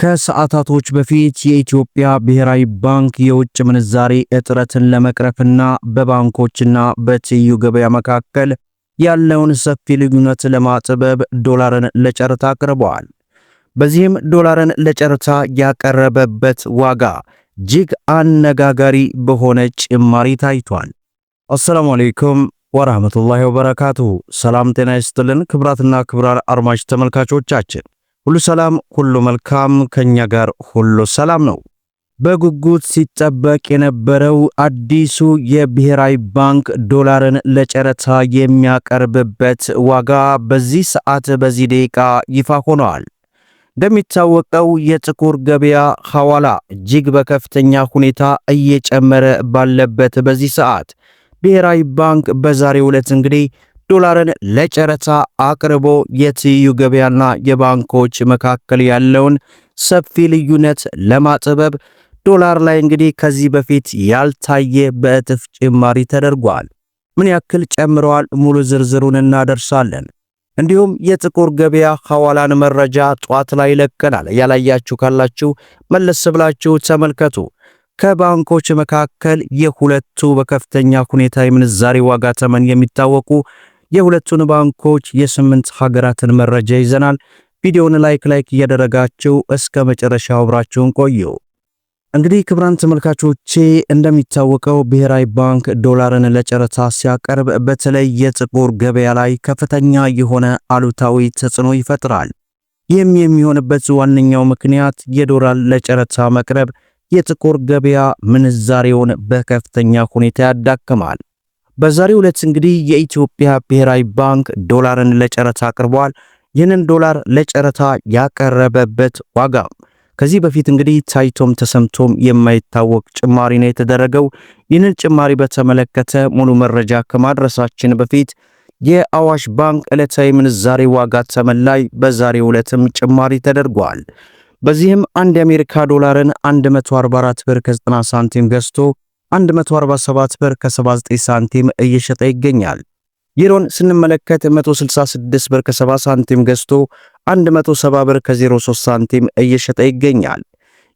ከሰዓታቶች በፊት የኢትዮጵያ ብሔራዊ ባንክ የውጭ ምንዛሬ እጥረትን ለመቅረፍና በባንኮችና በትይዩ ገበያ መካከል ያለውን ሰፊ ልዩነት ለማጥበብ ዶላርን ለጨረታ አቅርበዋል። በዚህም ዶላርን ለጨረታ ያቀረበበት ዋጋ እጅግ አነጋጋሪ በሆነ ጭማሪ ታይቷል። አሰላሙ አሌይኩም ወራህመቱላሂ ወበረካቱሁ። ሰላም ጤና ይስጥልን ክብራትና ክብራን አድማጭ ተመልካቾቻችን ሁሉ ሰላም፣ ሁሉ መልካም፣ ከኛ ጋር ሁሉ ሰላም ነው። በጉጉት ሲጠበቅ የነበረው አዲሱ የብሔራዊ ባንክ ዶላርን ለጨረታ የሚያቀርብበት ዋጋ በዚህ ሰዓት በዚህ ደቂቃ ይፋ ሆኗል። እንደሚታወቀው የጥቁር ገበያ ሐዋላ እጅግ በከፍተኛ ሁኔታ እየጨመረ ባለበት በዚህ ሰዓት ብሔራዊ ባንክ በዛሬው ዕለት እንግዲህ ዶላርን ለጨረታ አቅርቦ የትይዩ ገበያና የባንኮች መካከል ያለውን ሰፊ ልዩነት ለማጥበብ ዶላር ላይ እንግዲህ ከዚህ በፊት ያልታየ በእጥፍ ጭማሪ ተደርጓል። ምን ያክል ጨምረዋል? ሙሉ ዝርዝሩን እናደርሳለን። እንዲሁም የጥቁር ገበያ ሐዋላን መረጃ ጧት ላይ ይለቀናል። ያላያችሁ ካላችሁ መለስ ብላችሁ ተመልከቱ። ከባንኮች መካከል የሁለቱ በከፍተኛ ሁኔታ የምንዛሬ ዋጋ ተመን የሚታወቁ የሁለቱን ባንኮች የስምንት ሀገራትን መረጃ ይዘናል። ቪዲዮውን ላይክ ላይክ እያደረጋችሁ እስከ መጨረሻው አብራችሁን ቆዩ። እንግዲህ ክብራን ተመልካቾቼ እንደሚታወቀው ብሔራዊ ባንክ ዶላርን ለጨረታ ሲያቀርብ በተለይ የጥቁር ገበያ ላይ ከፍተኛ የሆነ አሉታዊ ተጽዕኖ ይፈጥራል። ይህም የሚሆንበት ዋነኛው ምክንያት የዶላር ለጨረታ መቅረብ የጥቁር ገበያ ምንዛሬውን በከፍተኛ ሁኔታ ያዳክማል። በዛሬው ዕለት እንግዲህ የኢትዮጵያ ብሔራዊ ባንክ ዶላርን ለጨረታ አቅርቧል። ይህንን ዶላር ለጨረታ ያቀረበበት ዋጋ ከዚህ በፊት እንግዲህ ታይቶም ተሰምቶም የማይታወቅ ጭማሪ ነው የተደረገው። ይህንን ጭማሪ በተመለከተ ሙሉ መረጃ ከማድረሳችን በፊት የአዋሽ ባንክ ዕለታዊ ምንዛሬ ዋጋ ተመላይ በዛሬው ዕለትም ጭማሪ ተደርጓል። በዚህም አንድ የአሜሪካ ዶላርን 144 ብር ከ90 ሳንቲም ገዝቶ 147 ብር ከ79 ሳንቲም እየሸጠ ይገኛል። ዩሮን ስንመለከት 166 ብር ከ70 ሳንቲም ገዝቶ 170 ብር ከ03 ሳንቲም እየሸጠ ይገኛል።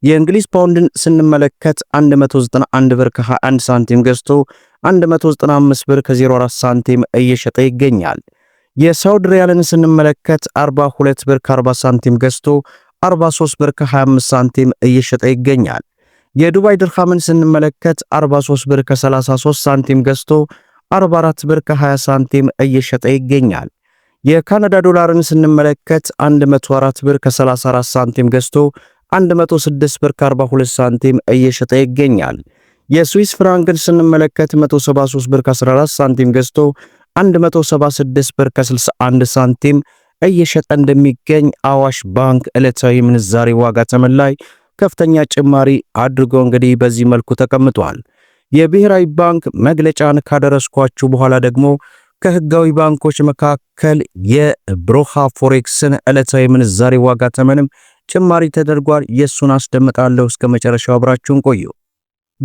የእንግሊዝ ፓውንድን ስንመለከት 191 ብር ከ21 ሳንቲም ገዝቶ 195 ብር ከ04 ሳንቲም እየሸጠ ይገኛል። የሳውድ ሪያልን ስንመለከት 42 ብር ከ40 ሳንቲም ገዝቶ 43 ብር ከ25 ሳንቲም እየሸጠ ይገኛል። የዱባይ ድርሃምን ስንመለከት 43 ብር ከ33 ሳንቲም ገዝቶ 44 ብር ከ20 ሳንቲም እየሸጠ ይገኛል። የካናዳ ዶላርን ስንመለከት 104 ብር ከ34 ሳንቲም ገዝቶ 106 ብር ከ42 ሳንቲም እየሸጠ ይገኛል። የስዊስ ፍራንክን ስንመለከት 173 ብር ከ14 ሳንቲም ገዝቶ 176 ብር ከ61 ሳንቲም እየሸጠ እንደሚገኝ አዋሽ ባንክ ዕለታዊ ምንዛሬ ዋጋ ተመላይ ከፍተኛ ጭማሪ አድርጎ እንግዲህ በዚህ መልኩ ተቀምጧል። የብሔራዊ ባንክ መግለጫን ካደረስኳችሁ በኋላ ደግሞ ከህጋዊ ባንኮች መካከል የብሮሃ ፎሬክስን ዕለታዊ ምንዛሬ ዋጋ ተመንም ጭማሪ ተደርጓል። የእሱን አስደምጣለሁ። እስከ መጨረሻው አብራችሁን ቆዩ።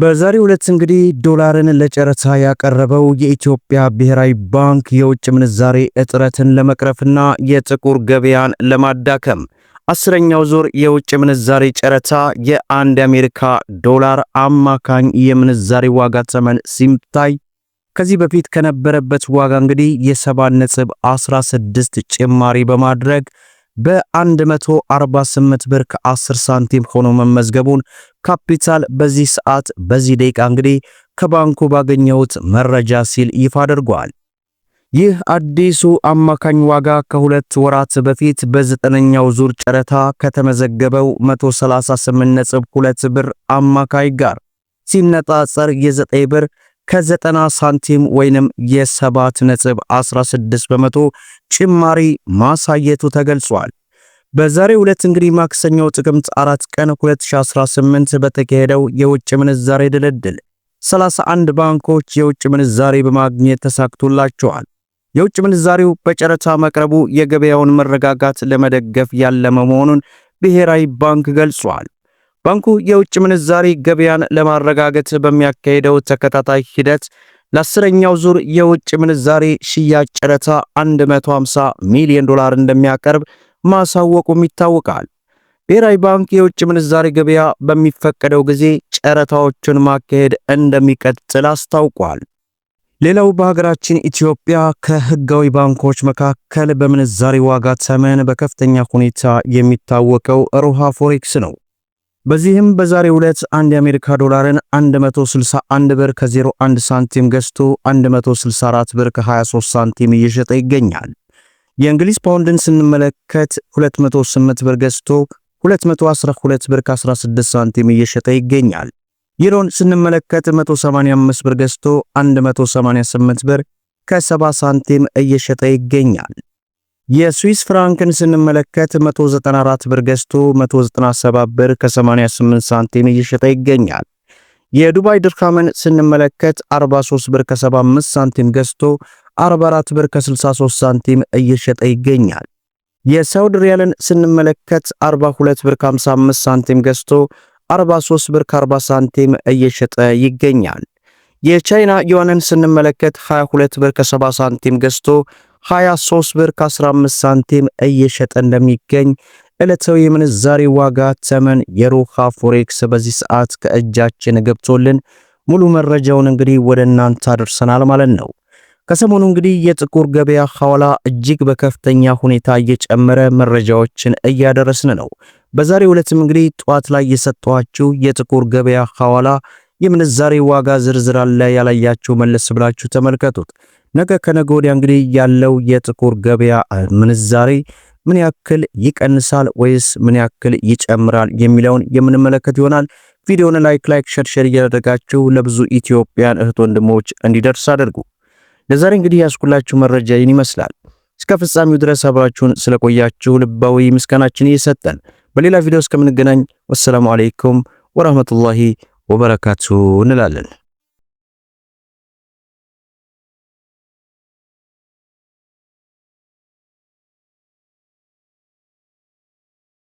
በዛሬው ዕለት እንግዲህ ዶላርን ለጨረታ ያቀረበው የኢትዮጵያ ብሔራዊ ባንክ የውጭ ምንዛሬ እጥረትን ለመቅረፍና የጥቁር ገበያን ለማዳከም አስረኛው ዙር የውጭ ምንዛሪ ጨረታ የአንድ አሜሪካ ዶላር አማካኝ የምንዛሪ ዋጋ ተመን ሲምታይ ከዚህ በፊት ከነበረበት ዋጋ እንግዲህ የ7.16 ጭማሪ በማድረግ በ148 ብር ከ10 ሳንቲም ሆኖ መመዝገቡን ካፒታል በዚህ ሰዓት በዚህ ደቂቃ እንግዲህ ከባንኩ ባገኘሁት መረጃ ሲል ይፋ አድርጓል። ይህ አዲሱ አማካኝ ዋጋ ከሁለት ወራት በፊት በዘጠነኛው ዙር ጨረታ ከተመዘገበው 138.2 ብር አማካይ ጋር ሲነጣጸር የ9 ብር ከ90 ሳንቲም ወይንም የ7.16 በመቶ ጭማሪ ማሳየቱ ተገልጿል። በዛሬ ሁለት እንግዲህ ማክሰኞ ጥቅምት 4 ቀን 2018 በተካሄደው የውጭ ምንዛሬ ድልድል 31 ባንኮች የውጭ ምንዛሬ በማግኘት ተሳክቶላቸዋል። የውጭ ምንዛሪው በጨረታ መቅረቡ የገበያውን መረጋጋት ለመደገፍ ያለመ መሆኑን ብሔራዊ ባንክ ገልጿል። ባንኩ የውጭ ምንዛሪ ገበያን ለማረጋገት በሚያካሄደው ተከታታይ ሂደት ለአስረኛው ዙር የውጭ ምንዛሪ ሽያጭ ጨረታ 150 ሚሊዮን ዶላር እንደሚያቀርብ ማሳወቁም ይታወቃል። ብሔራዊ ባንክ የውጭ ምንዛሪ ገበያ በሚፈቀደው ጊዜ ጨረታዎቹን ማካሄድ እንደሚቀጥል አስታውቋል። ሌላው በሀገራችን ኢትዮጵያ ከህጋዊ ባንኮች መካከል በምንዛሬ ዋጋ ተመን በከፍተኛ ሁኔታ የሚታወቀው ሮሃ ፎሬክስ ነው። በዚህም በዛሬው ዕለት አንድ የአሜሪካ ዶላርን 161 ብር ከ01 ሳንቲም ገዝቶ 164 ብር ከ23 ሳንቲም እየሸጠ ይገኛል። የእንግሊዝ ፓውንድን ስንመለከት 208 ብር ገዝቶ 212 ብር ከ16 ሳንቲም እየሸጠ ይገኛል። ዩሮን ስንመለከት 185 ብር ገዝቶ 188 ብር ከ70 ሳንቲም እየሸጠ ይገኛል። የስዊስ ፍራንክን ስንመለከት 194 ብር ገዝቶ 197 ብር ከ88 ሳንቲም እየሸጠ ይገኛል። የዱባይ ድርሃምን ስንመለከት 43 ብር ከ75 ሳንቲም ገዝቶ 44 ብር ከ63 ሳንቲም እየሸጠ ይገኛል። የሳውዲ ሪያልን ስንመለከት 42 ብር ከ55 ሳንቲም ገዝቶ 43 ብር ከ40 ሳንቲም እየሸጠ ይገኛል። የቻይና ዩዋንን ስንመለከት 22 ብር ከ70 ሳንቲም ገዝቶ 23 ብር ከ15 ሳንቲም እየሸጠ እንደሚገኝ ዕለታዊ የምንዛሬ ዋጋ ተመን የሮሃ ፎሬክስ በዚህ ሰዓት ከእጃችን ገብቶልን ሙሉ መረጃውን እንግዲህ ወደ እናንተ አድርሰናል ማለት ነው። ከሰሞኑ እንግዲህ የጥቁር ገበያ ሐዋላ እጅግ በከፍተኛ ሁኔታ እየጨመረ መረጃዎችን እያደረስን ነው። በዛሬ ዕለትም እንግዲህ ጠዋት ላይ የሰጠኋችሁ የጥቁር ገበያ ሐዋላ የምንዛሬ ዋጋ ዝርዝር አለ። ያላያችሁ መለስ ብላችሁ ተመልከቱት። ነገ ከነገ ወዲያ እንግዲህ ያለው የጥቁር ገበያ ምንዛሬ ምን ያክል ይቀንሳል ወይስ ምን ያክል ይጨምራል የሚለውን የምንመለከት ይሆናል። ቪዲዮውን ላይክ ላይክ ሼር እያደረጋችሁ ለብዙ ኢትዮጵያን እህት ወንድሞች እንዲደርስ አድርጉ። ለዛሬ እንግዲህ ያስኩላችሁ መረጃ ይህን ይመስላል። እስከ ፍጻሜው ድረስ አብራችሁን ስለቆያችሁ ልባዊ ምስጋናችን እየሰጠን በሌላ ቪዲዮ እስከምንገናኝ ወሰላሙ አለይኩም ወራህመቱላሂ ወበረካቱ እንላለን።